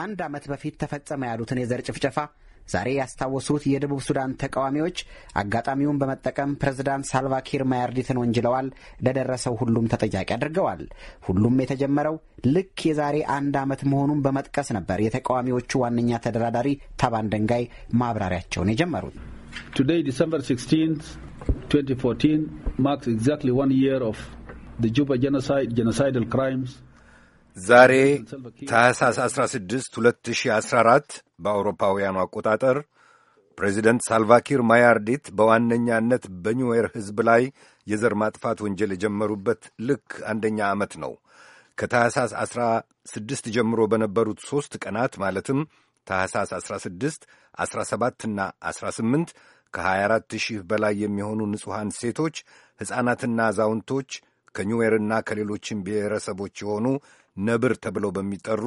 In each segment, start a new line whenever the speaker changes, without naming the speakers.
ከአንድ ዓመት በፊት ተፈጸመ ያሉትን የዘር ጭፍጨፋ ዛሬ ያስታወሱት የደቡብ ሱዳን ተቃዋሚዎች አጋጣሚውን በመጠቀም ፕሬዝዳንት ሳልቫኪር ማያርዲትን ወንጅለዋል። ለደረሰው ሁሉም ተጠያቂ አድርገዋል። ሁሉም የተጀመረው ልክ የዛሬ አንድ ዓመት መሆኑን በመጥቀስ ነበር የተቃዋሚዎቹ ዋነኛ ተደራዳሪ ታባን ደንጋይ ማብራሪያቸውን የጀመሩት።
ቱዴይ ዲሰምበር 16 2014 ማርክስ ኤግዛክትሊ ዋን ይር ኦፍ ዛሬ ታህሳስ 16 2014 በአውሮፓውያኑ አቆጣጠር ፕሬዚደንት ሳልቫኪር ማያርዲት በዋነኛነት በኒዌር ሕዝብ ላይ የዘር ማጥፋት ወንጀል የጀመሩበት ልክ አንደኛ ዓመት ነው። ከታህሳስ 16 ጀምሮ በነበሩት ሦስት ቀናት ማለትም ታህሳስ 16፣ 17ና 18 ከ24 ሺህ በላይ የሚሆኑ ንጹሐን ሴቶች፣ ሕፃናትና አዛውንቶች ከኒዌርና ከሌሎችም ብሔረሰቦች የሆኑ ነብር ተብለው በሚጠሩ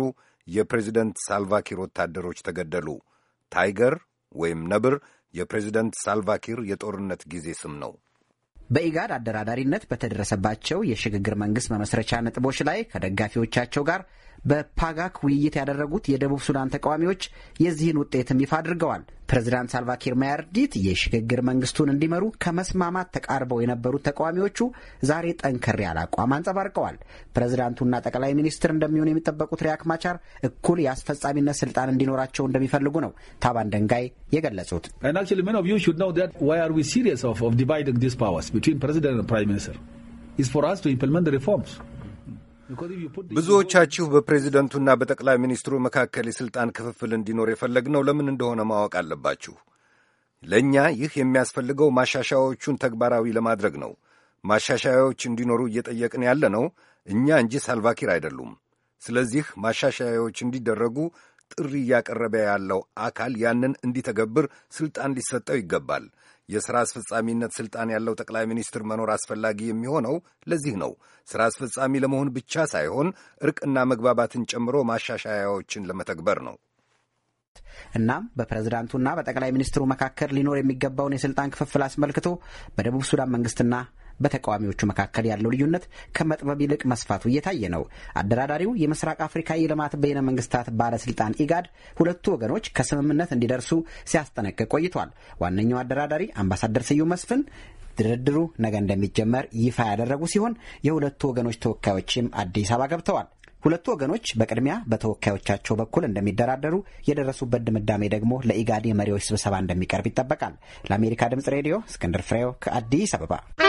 የፕሬዚደንት ሳልቫኪር ወታደሮች ተገደሉ። ታይገር ወይም ነብር የፕሬዚደንት ሳልቫኪር የጦርነት ጊዜ ስም ነው።
በኢጋድ አደራዳሪነት በተደረሰባቸው የሽግግር መንግሥት መመስረቻ ነጥቦች ላይ ከደጋፊዎቻቸው ጋር በፓጋክ ውይይት ያደረጉት የደቡብ ሱዳን ተቃዋሚዎች የዚህን ውጤትም ይፋ አድርገዋል። ፕሬዚዳንት ሳልቫኪር ማያርዲት የሽግግር መንግስቱን እንዲመሩ ከመስማማት ተቃርበው የነበሩት ተቃዋሚዎቹ ዛሬ ጠንከር ያለ አቋም አንጸባርቀዋል። ፕሬዚዳንቱና ጠቅላይ ሚኒስትር እንደሚሆኑ የሚጠበቁት ሪያክ ማቻር እኩል የአስፈጻሚነት ስልጣን እንዲኖራቸው እንደሚፈልጉ ነው ታባን ደንጋይ የገለጹት።
ፕሬዚዳንት ብዙዎቻችሁ በፕሬዚደንቱና በጠቅላይ ሚኒስትሩ መካከል የሥልጣን ክፍፍል እንዲኖር የፈለግነው ለምን እንደሆነ ማወቅ አለባችሁ። ለእኛ ይህ የሚያስፈልገው ማሻሻያዎቹን ተግባራዊ ለማድረግ ነው። ማሻሻያዎች እንዲኖሩ እየጠየቅን ያለ ነው እኛ እንጂ ሳልቫኪር አይደሉም። ስለዚህ ማሻሻያዎች እንዲደረጉ ጥሪ እያቀረበ ያለው አካል ያንን እንዲተገብር ስልጣን ሊሰጠው ይገባል። የሥራ አስፈጻሚነት ሥልጣን ያለው ጠቅላይ ሚኒስትር መኖር አስፈላጊ የሚሆነው ለዚህ ነው። ሥራ አስፈጻሚ ለመሆን ብቻ ሳይሆን እርቅና መግባባትን ጨምሮ ማሻሻያዎችን ለመተግበር ነው።
እናም በፕሬዝዳንቱና በጠቅላይ ሚኒስትሩ መካከል ሊኖር የሚገባውን የስልጣን ክፍፍል አስመልክቶ በደቡብ ሱዳን መንግስትና በተቃዋሚዎቹ መካከል ያለው ልዩነት ከመጥበብ ይልቅ መስፋቱ እየታየ ነው። አደራዳሪው የምስራቅ አፍሪካ የልማት በይነ መንግስታት ባለስልጣን ኢጋድ ሁለቱ ወገኖች ከስምምነት እንዲደርሱ ሲያስጠነቅቅ ቆይቷል። ዋነኛው አደራዳሪ አምባሳደር ስዩም መስፍን ድርድሩ ነገ እንደሚጀመር ይፋ ያደረጉ ሲሆን የሁለቱ ወገኖች ተወካዮችም አዲስ አበባ ገብተዋል። ሁለቱ ወገኖች በቅድሚያ በተወካዮቻቸው በኩል እንደሚደራደሩ የደረሱበት ድምዳሜ ደግሞ ለኢጋድ የመሪዎች ስብሰባ እንደሚቀርብ ይጠበቃል። ለአሜሪካ ድምጽ ሬዲዮ እስክንድር ፍሬው ከአዲስ አበባ